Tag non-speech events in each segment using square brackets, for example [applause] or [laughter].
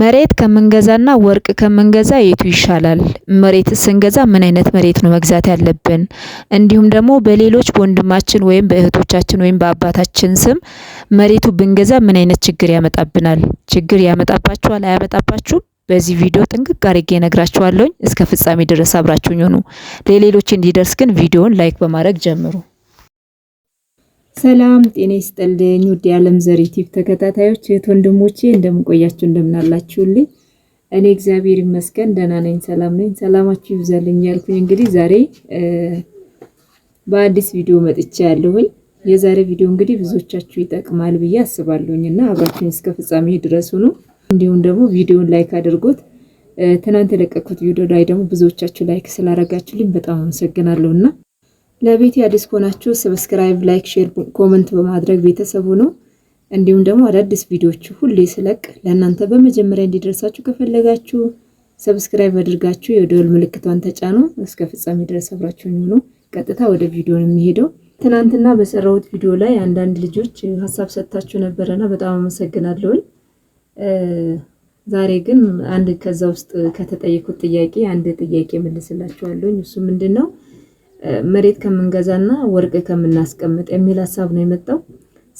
መሬት ከምንገዛና ወርቅ ከምንገዛ የቱ ይሻላል? መሬት ስንገዛ ምን አይነት መሬት ነው መግዛት ያለብን? እንዲሁም ደግሞ በሌሎች በወንድማችን ወይም በእህቶቻችን ወይም በአባታችን ስም መሬቱ ብንገዛ ምን አይነት ችግር ያመጣብናል? ችግር ያመጣባችኋል? አያመጣባችሁም? በዚህ ቪዲዮ ጥንቅቅ አድርጌ እስከ ፍጻሜ ድረስ አብራችሁኝ ሆኑ። ለሌሎች እንዲደርስ ግን ቪዲዮውን ላይክ በማድረግ ጀምሩ። ሰላም ጤና ይስጥልኝ ውድ የዓለም ዘር ዩቲዩብ ተከታታዮች እህት ወንድሞቼ፣ እንደምንቆያችሁ እንደምናላችሁልኝ፣ እኔ እግዚአብሔር ይመስገን ደህና ነኝ፣ ሰላም ነኝ። ሰላማችሁ ይብዛልኝ ያልኩኝ እንግዲህ ዛሬ በአዲስ ቪዲዮ መጥቻ ያለሁኝ የዛሬ ቪዲዮ እንግዲህ ብዙዎቻችሁ ይጠቅማል ብዬ አስባለሁኝ እና አብራችሁኝ እስከ ፍጻሜ ድረስ ሁኑ። እንዲሁም ደግሞ ቪዲዮን ላይክ አድርጎት ትናንት የለቀኩት ቪዲዮ ላይ ደግሞ ብዙዎቻችሁ ላይክ ስላረጋችሁልኝ በጣም አመሰግናለሁ እና ለቤት አዲስ ከሆናችሁ ሰብስክራይብ፣ ላይክ፣ ሼር፣ ኮመንት በማድረግ ቤተሰቡ ነው። እንዲሁም ደግሞ አዳዲስ ቪዲዮዎች ሁሌ ስለቅ ለእናንተ በመጀመሪያ እንዲደርሳችሁ ከፈለጋችሁ ሰብስክራይብ አድርጋችሁ የደወል ምልክቷን ተጫኑ። እስከ ፍጻሜ ድረስ አብራችሁን ሁኑ። ቀጥታ ወደ ቪዲዮ ነው የሚሄደው። ትናንትና በሰራሁት ቪዲዮ ላይ አንዳንድ ልጆች ሀሳብ ሰጥታችሁ ነበረና በጣም አመሰግናለሁኝ። ዛሬ ግን አንድ ከዛ ውስጥ ከተጠየቁት ጥያቄ አንድ ጥያቄ መልስላችኋለሁኝ። እሱ ምንድን ነው መሬት ከምንገዛና ወርቅ ከምናስቀምጥ የሚል ሀሳብ ነው የመጣው።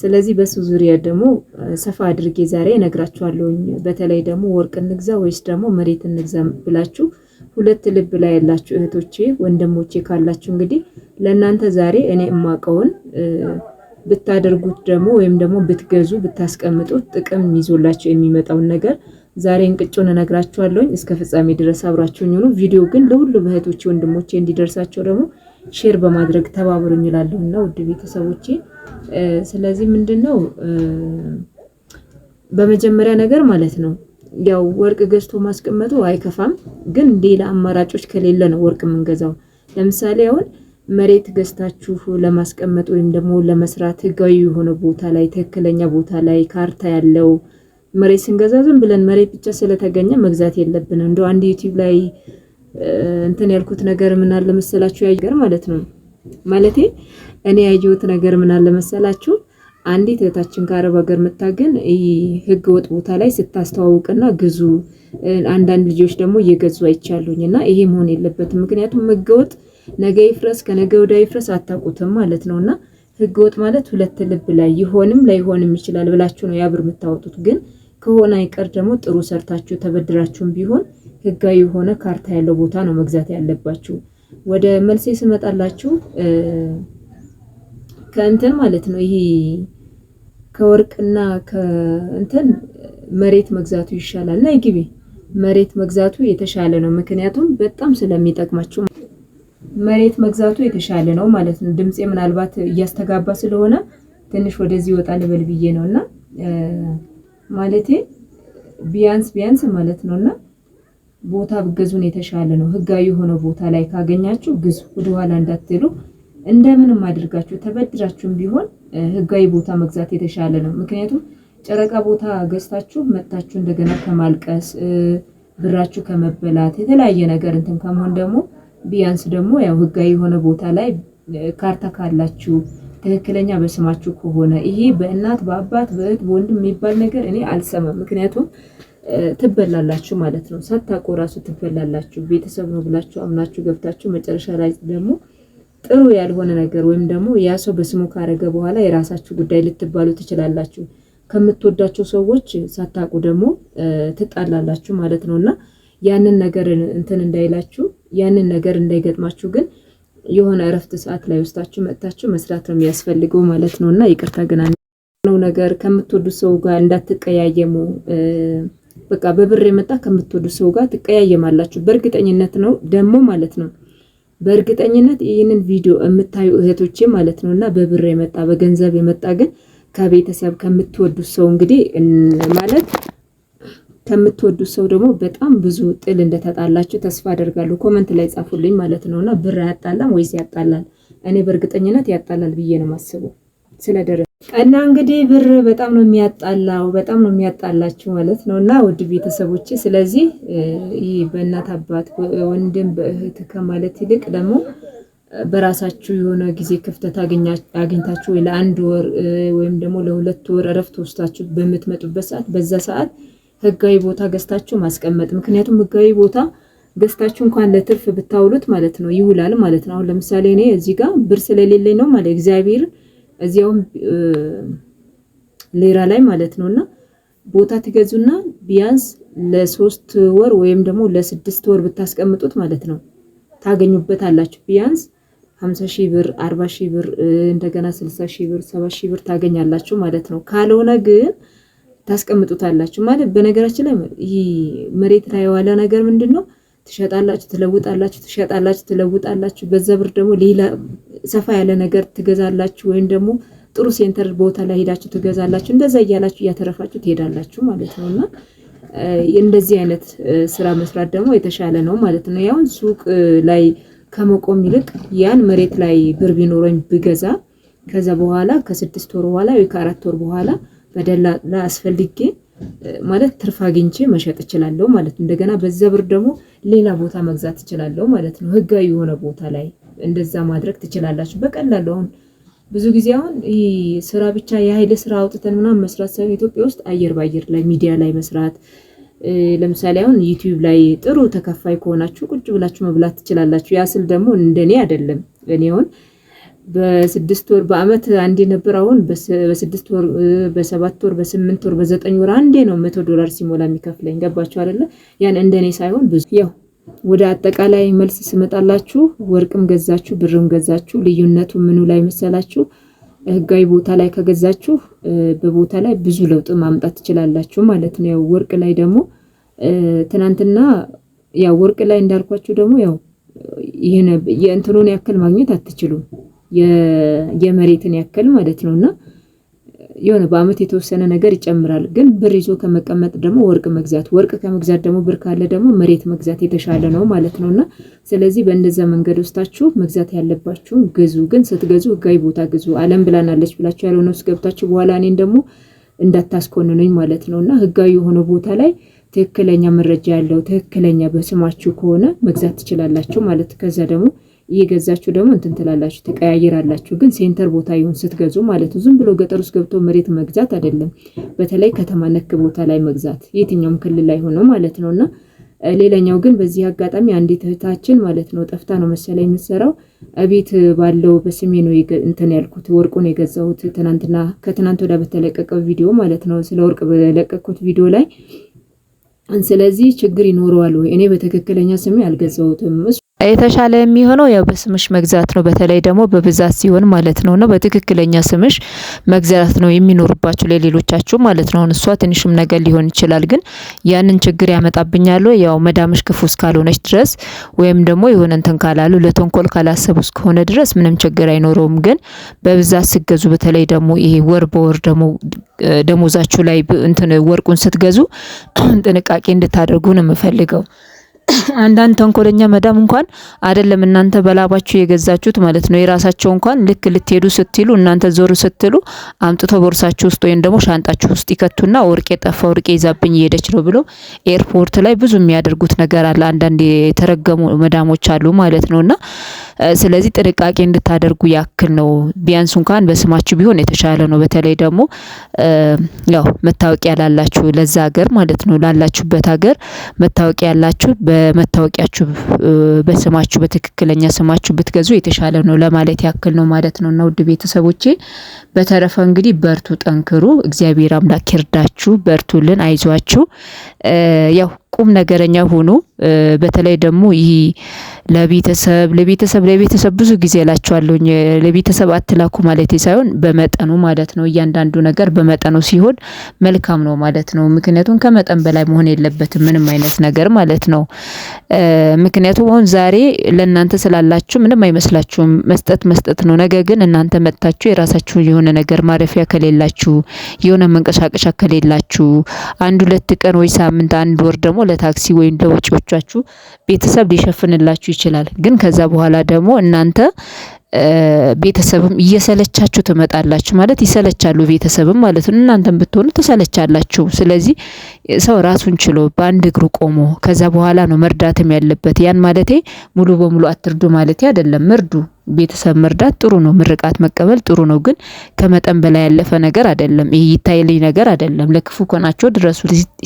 ስለዚህ በሱ ዙሪያ ደግሞ ሰፋ አድርጌ ዛሬ እነግራችኋለሁኝ። በተለይ ደግሞ ወርቅ እንግዛ ወይስ ደግሞ መሬት እንግዛ ብላችሁ ሁለት ልብ ላይ ያላችሁ እህቶቼ ወንድሞቼ ካላችሁ እንግዲህ ለእናንተ ዛሬ እኔ እማቀውን ብታደርጉት ደግሞ ወይም ደግሞ ብትገዙ ብታስቀምጡት ጥቅም ይዞላችሁ የሚመጣውን ነገር ዛሬ እንቅጩን እነግራችኋለሁኝ። እስከ ፍጻሜ ድረስ አብራችሁኝ ሁኑ። ቪዲዮ ግን ለሁሉም እህቶቼ ወንድሞቼ እንዲደርሳቸው ደግሞ ሼር በማድረግ ተባብሩኝ እላለሁ እና ውድ ቤተሰቦቼ ስለዚህ ምንድን ነው በመጀመሪያ ነገር ማለት ነው ያው ወርቅ ገዝቶ ማስቀመጡ አይከፋም፣ ግን ሌላ አማራጮች ከሌለ ነው ወርቅ የምንገዛው። ለምሳሌ አሁን መሬት ገዝታችሁ ለማስቀመጥ ወይም ደግሞ ለመስራት ህጋዊ የሆነ ቦታ ላይ ትክክለኛ ቦታ ላይ ካርታ ያለው መሬት ስንገዛ ዝም ብለን መሬት ብቻ ስለተገኘ መግዛት የለብንም። እንደ አንድ ዩቲዩብ ላይ እንትን ያልኩት ነገር ምን አለ መሰላችሁ ያገር ማለት ነው ማለቴ እኔ ያየሁት ነገር ምን አለ መሰላችሁ አንዲት እህታችን ከአረብ ሀገር መታገን ህገ ወጥ ቦታ ላይ ስታስተዋውቅና ግዙ አንዳንድ ልጆች ደግሞ እየገዙ አይቻሉኝ እና ይሄ መሆን የለበትም ምክንያቱም ህገወጥ ነገ ይፍረስ ከነገ ወዲያ ይፍረስ አታውቁትም ማለት ነው እና ማለት ሁለት ልብ ላይ ይሆንም ላይሆንም ይችላል ብላችሁ ነው ያብር የምታወጡት ግን ከሆነ አይቀር ደግሞ ጥሩ ሰርታችሁ ተበድራችሁም ቢሆን ህጋዊ የሆነ ካርታ ያለው ቦታ ነው መግዛት ያለባችሁ። ወደ መልሴ ስመጣላችሁ ከእንትን ማለት ነው ይሄ ከወርቅና ከእንትን መሬት መግዛቱ ይሻላል። ነይ ግቢ። መሬት መግዛቱ የተሻለ ነው፣ ምክንያቱም በጣም ስለሚጠቅማችሁ መሬት መግዛቱ የተሻለ ነው ማለት ነው። ድምፄ ምናልባት እያስተጋባ ስለሆነ ትንሽ ወደዚህ ወጣ ልበል ብዬ ነው እና ማለቴ ቢያንስ ቢያንስ ማለት ነው እና ቦታ ግዙን የተሻለ ነው። ህጋዊ የሆነ ቦታ ላይ ካገኛችሁ ግዙ፣ ወደኋላ እንዳትሉ። እንደምንም አድርጋችሁ ተበድራችሁም ቢሆን ህጋዊ ቦታ መግዛት የተሻለ ነው። ምክንያቱም ጨረቃ ቦታ ገዝታችሁ መጥታችሁ እንደገና ከማልቀስ ብራችሁ ከመበላት የተለያየ ነገር እንትን ከመሆን ደግሞ ቢያንስ ደግሞ ያው ህጋዊ የሆነ ቦታ ላይ ካርታ ካላችሁ ትክክለኛ በስማችሁ ከሆነ ይሄ በእናት በአባት በእህት በወንድም የሚባል ነገር እኔ አልሰማም። ምክንያቱም ትበላላችሁ ማለት ነው። ሳታውቁ ራሱ ትበላላችሁ። ቤተሰብ ነው ብላችሁ አምናችሁ ገብታችሁ መጨረሻ ላይ ደግሞ ጥሩ ያልሆነ ነገር ወይም ደግሞ ያ ሰው በስሙ ካረገ በኋላ የራሳችሁ ጉዳይ ልትባሉ ትችላላችሁ። ከምትወዳቸው ሰዎች ሳታውቁ ደግሞ ትጣላላችሁ ማለት ነው እና ያንን ነገር እንትን እንዳይላችሁ ያንን ነገር እንዳይገጥማችሁ ግን የሆነ እረፍት ሰዓት ላይ ወስዳችሁ መጥታችሁ መስራት ነው የሚያስፈልገው ማለት ነው እና ይቅርታ ግን ነው ነገር ከምትወዱ ሰው ጋር እንዳትቀያየሙ በቃ በብር የመጣ ከምትወዱ ሰው ጋር ትቀያየማላችሁ። በእርግጠኝነት ነው ደግሞ ማለት ነው። በእርግጠኝነት ይህንን ቪዲዮ የምታዩ እህቶቼ ማለት ነው እና በብር የመጣ በገንዘብ የመጣ ግን ከቤተሰብ ከምትወዱ ሰው እንግዲህ ማለት ከምትወዱ ሰው ደግሞ በጣም ብዙ ጥል እንደተጣላችሁ ተስፋ አደርጋለሁ። ኮመንት ላይ ጻፉልኝ ማለት ነው እና ብር አያጣላም ወይስ ያጣላል? እኔ በእርግጠኝነት ያጣላል ብዬ ነው ማስበው ስለደረ እና እንግዲህ ብር በጣም ነው የሚያጣላው፣ በጣም ነው የሚያጣላችሁ ማለት ነው። እና ውድ ቤተሰቦች፣ ስለዚህ ይህ በእናት አባት፣ ወንድም በእህት ከማለት ይልቅ ደግሞ በራሳችሁ የሆነ ጊዜ ክፍተት አግኝታችሁ ወይ ለአንድ ወር ወይም ደግሞ ለሁለት ወር እረፍት ወስታችሁ በምትመጡበት ሰዓት በዛ ሰዓት ህጋዊ ቦታ ገዝታችሁ ማስቀመጥ። ምክንያቱም ህጋዊ ቦታ ገዝታችሁ እንኳን ለትርፍ ብታውሉት ማለት ነው ይውላል ማለት ነው። አሁን ለምሳሌ እኔ እዚህ ጋር ብር ስለሌለኝ ነው ማለት እግዚአብሔር እዚያውም ሌራ ላይ ማለት ነው እና ቦታ ትገዙና ቢያንስ ለሶስት ወር ወይም ደግሞ ለስድስት ወር ብታስቀምጡት ማለት ነው ታገኙበት አላችሁ። ቢያንስ ሀምሳ ሺህ ብር አርባ ሺህ ብር እንደገና ስልሳ ሺህ ብር ሰባ ሺህ ብር ታገኛላችሁ ማለት ነው። ካልሆነ ግን ታስቀምጡታላችሁ ማለት በነገራችን ላይ ይህ መሬት ላይ የዋለ ነገር ምንድን ነው ትሸጣላችሁ፣ ትለውጣላችሁ፣ ትሸጣላችሁ፣ ትለውጣላችሁ። በዛ ብር ደግሞ ሌላ ሰፋ ያለ ነገር ትገዛላችሁ፣ ወይም ደግሞ ጥሩ ሴንተር ቦታ ላይ ሄዳችሁ ትገዛላችሁ። እንደዛ እያላችሁ እያተረፋችሁ ትሄዳላችሁ ማለት ነው እና እንደዚህ አይነት ስራ መስራት ደግሞ የተሻለ ነው ማለት ነው። ያውን ሱቅ ላይ ከመቆም ይልቅ ያን መሬት ላይ ብር ቢኖረኝ ብገዛ ከዛ በኋላ ከስድስት ወር በኋላ ወይ ከአራት ወር በኋላ በደላላ አስፈልጌ ማለት ትርፍ አግኝቼ መሸጥ እችላለሁ ማለት ነው። እንደገና በዛ ብር ደግሞ ሌላ ቦታ መግዛት እችላለሁ ማለት ነው። ህጋዊ የሆነ ቦታ ላይ እንደዛ ማድረግ ትችላላችሁ በቀላሉ። አሁን ብዙ ጊዜ አሁን ይህ ስራ ብቻ የኃይለ ስራ አውጥተን ምናምን መስራት ሳይሆን ኢትዮጵያ ውስጥ አየር በአየር ላይ ሚዲያ ላይ መስራት ለምሳሌ አሁን ዩቲዩብ ላይ ጥሩ ተከፋይ ከሆናችሁ ቁጭ ብላችሁ መብላት ትችላላችሁ። ያ ስል ደግሞ እንደኔ አይደለም እኔ አሁን በስድስት ወር በአመት አንዴ ነበር። አሁን በስድስት ወር በሰባት ወር በስምንት ወር በዘጠኝ ወር አንዴ ነው መቶ ዶላር ሲሞላ የሚከፍለኝ። ገባችሁ አይደለ? ያን እንደኔ ሳይሆን ብዙ ያው ወደ አጠቃላይ መልስ ስመጣላችሁ ወርቅም ገዛችሁ ብርም ገዛችሁ ልዩነቱ ምኑ ላይ መሰላችሁ? ህጋዊ ቦታ ላይ ከገዛችሁ በቦታ ላይ ብዙ ለውጥ ማምጣት ትችላላችሁ ማለት ነው። ያው ወርቅ ላይ ደግሞ ትናንትና ያው ወርቅ ላይ እንዳልኳችሁ ደግሞ ያው ይህን የእንትኑን ያክል ማግኘት አትችሉም። የመሬትን ያክል ማለት ነው እና የሆነ በአመት የተወሰነ ነገር ይጨምራል። ግን ብር ይዞ ከመቀመጥ ደግሞ ወርቅ መግዛት፣ ወርቅ ከመግዛት ደግሞ ብር ካለ ደግሞ መሬት መግዛት የተሻለ ነው ማለት ነው እና ስለዚህ በእንደዛ መንገድ ውስጣችሁ መግዛት ያለባችሁ ግዙ። ግን ስትገዙ ህጋዊ ቦታ ግዙ። አለም ብላናለች ብላችሁ ያልሆነ ውስጥ ገብታችሁ በኋላ እኔን ደግሞ እንዳታስኮንኑኝ ማለት ነው እና ህጋዊ የሆነ ቦታ ላይ ትክክለኛ መረጃ ያለው ትክክለኛ በስማችሁ ከሆነ መግዛት ትችላላችሁ ማለት ከዛ ደግሞ እየገዛችሁ ደግሞ እንትን ትላላችሁ ተቀያየራላችሁ። ግን ሴንተር ቦታ ይሁን ስትገዙ ማለት ነው። ዝም ብሎ ገጠር ውስጥ ገብቶ መሬት መግዛት አይደለም። በተለይ ከተማ ነክ ቦታ ላይ መግዛት የትኛውም ክልል ላይ ሆኖ ማለት ነው። እና ሌላኛው ግን በዚህ አጋጣሚ አንዲት እህታችን ማለት ነው ጠፍታ ነው መሰለኝ የምትሰራው ቤት ባለው በስሜ ነው እንትን ያልኩት ወርቁን የገዛሁት ትናንትና፣ ከትናንት ወዲያ በተለቀቀው ቪዲዮ ማለት ነው። ስለ ወርቅ በለቀቅኩት ቪዲዮ ላይ ስለዚህ ችግር ይኖረዋል ወይ? እኔ በትክክለኛ ስሜ አልገዛሁትም። የተሻለ የሚሆነው ያው በስምሽ መግዛት ነው። በተለይ ደግሞ በብዛት ሲሆን ማለት ነው ነው በትክክለኛ ስምሽ መግዛት ነው የሚኖርባችሁ ለሌሎቻችሁ ማለት ነው። እሷ ትንሽም ነገር ሊሆን ይችላል፣ ግን ያንን ችግር ያመጣብኛሉ። ያው መዳምሽ ክፉ እስካልሆነች ድረስ ወይም ደግሞ የሆነ እንትን ካላሉ ለተንኮል ካላሰቡ እስከሆነ ድረስ ምንም ችግር አይኖረውም። ግን በብዛት ስገዙ በተለይ ደግሞ ይሄ ወር በወር ደግሞ ደሞዛችሁ ላይ እንትን ወርቁን ስትገዙ [clears throat] ጥንቃቄ እንድታደርጉ ነው የምፈልገው። አንዳንድ ተንኮለኛ መዳም እንኳን አይደለም እናንተ በላባችሁ የገዛችሁት ማለት ነው። የራሳቸው እንኳን ልክ ልትሄዱ ስትሉ እናንተ ዞር ስትሉ አምጥቶ ቦርሳችሁ ውስጥ ወይም ደግሞ ሻንጣችሁ ውስጥ ይከቱና ወርቄ ጠፋ፣ ወርቄ ይዛብኝ እየሄደች ነው ብሎ ኤርፖርት ላይ ብዙ የሚያደርጉት ነገር አለ። አንዳንድ የተረገሙ መዳሞች አሉ ማለት ነው። እና ስለዚህ ጥንቃቄ እንድታደርጉ ያክል ነው። ቢያንስ እንኳን በስማችሁ ቢሆን የተሻለ ነው። በተለይ ደግሞ ያው መታወቂያ ላላችሁ ለዛ ሀገር ማለት ነው ላላችሁበት ሀገር መታወቂያ ያላችሁ በመታወቂያችሁ በስማችሁ በትክክለኛ ስማችሁ ብትገዙ የተሻለ ነው ለማለት ያክል ነው ማለት ነው። እና ውድ ቤተሰቦቼ በተረፈ እንግዲህ በርቱ፣ ጠንክሩ፣ እግዚአብሔር አምላክ ይርዳችሁ። በርቱልን፣ አይዟችሁ። ያው ቁም ነገረኛ ሆኖ በተለይ ደግሞ ይህ ለቤተሰብ ለቤተሰብ ለቤተሰብ ብዙ ጊዜ እላቸዋለሁኝ። ለቤተሰብ አትላኩ ማለት ሳይሆን በመጠኑ ማለት ነው። እያንዳንዱ ነገር በመጠኑ ሲሆን መልካም ነው ማለት ነው። ምክንያቱም ከመጠን በላይ መሆን የለበትም ምንም አይነት ነገር ማለት ነው። ምክንያቱም አሁን ዛሬ ለእናንተ ስላላችሁ ምንም አይመስላችሁም። መስጠት መስጠት ነው። ነገር ግን እናንተ መጥታችሁ የራሳችሁ የሆነ ነገር ማረፊያ ከሌላችሁ፣ የሆነ መንቀሳቀሻ ከሌላችሁ አንድ ሁለት ቀን ወይ ሳምንት፣ አንድ ወር ደግሞ ለታክሲ ወይም ለወጪዎቻችሁ ቤተሰብ ሊሸፍንላችሁ ይችላል። ግን ከዛ በኋላ ደግሞ እናንተ ቤተሰብም እየሰለቻችሁ ትመጣላችሁ ማለት ይሰለቻሉ፣ ቤተሰብም ማለት ነው። እናንተም ብትሆኑ ትሰለቻላችሁ። ስለዚህ ሰው ራሱን ችሎ በአንድ እግሩ ቆሞ ከዛ በኋላ ነው መርዳትም ያለበት። ያን ማለቴ ሙሉ በሙሉ አትርዱ ማለቴ አይደለም፣ ምርዱ ቤተሰብ መርዳት ጥሩ ነው፣ ምርቃት መቀበል ጥሩ ነው። ግን ከመጠን በላይ ያለፈ ነገር አይደለም። ይህ ይታይልኝ ነገር አይደለም። ለክፉ ከናቸው ድረሱ።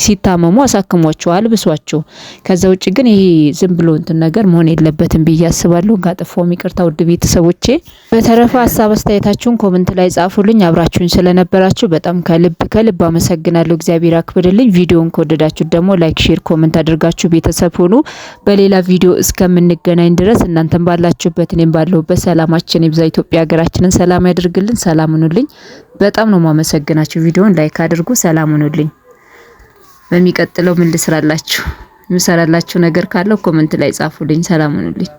ሲታመሙ አሳክሟቸው፣ አልብሷቸው። ከዛ ውጭ ግን ይሄ ዝም ብሎ እንትን ነገር መሆን የለበትም ብዬ አስባለሁ። ጋጥፎም ይቅርታ ውድ ቤተሰቦቼ። በተረፈ ሀሳብ አስተያየታችሁን ኮመንት ላይ ጻፉልኝ። አብራችሁኝ ስለነበራችሁ በጣም ከልብ ከልብ አመሰግናለሁ። እግዚአብሔር አክብርልኝ። ቪዲዮን ከወደዳችሁ ደግሞ ላይክ፣ ሼር፣ ኮመንት አድርጋችሁ ቤተሰብ ሆኑ። በሌላ ቪዲዮ እስከምንገናኝ ድረስ እናንተን ባላችሁበት እኔም ባለሁ በያላችሁበት ሰላማችን ይብዛ። ኢትዮጵያ ሀገራችንን ሰላም ያድርግልን። ሰላም ሁኑልኝ። በጣም ነው ማመሰግናችሁ። ቪዲዮን ላይክ አድርጉ። ሰላም ሁኑልኝ። በሚቀጥለው ምን ልስራላችሁ፣ የምሰራላችሁ ነገር ካለው ኮመንት ላይ ጻፉልኝ። ሰላም ሁኑልኝ።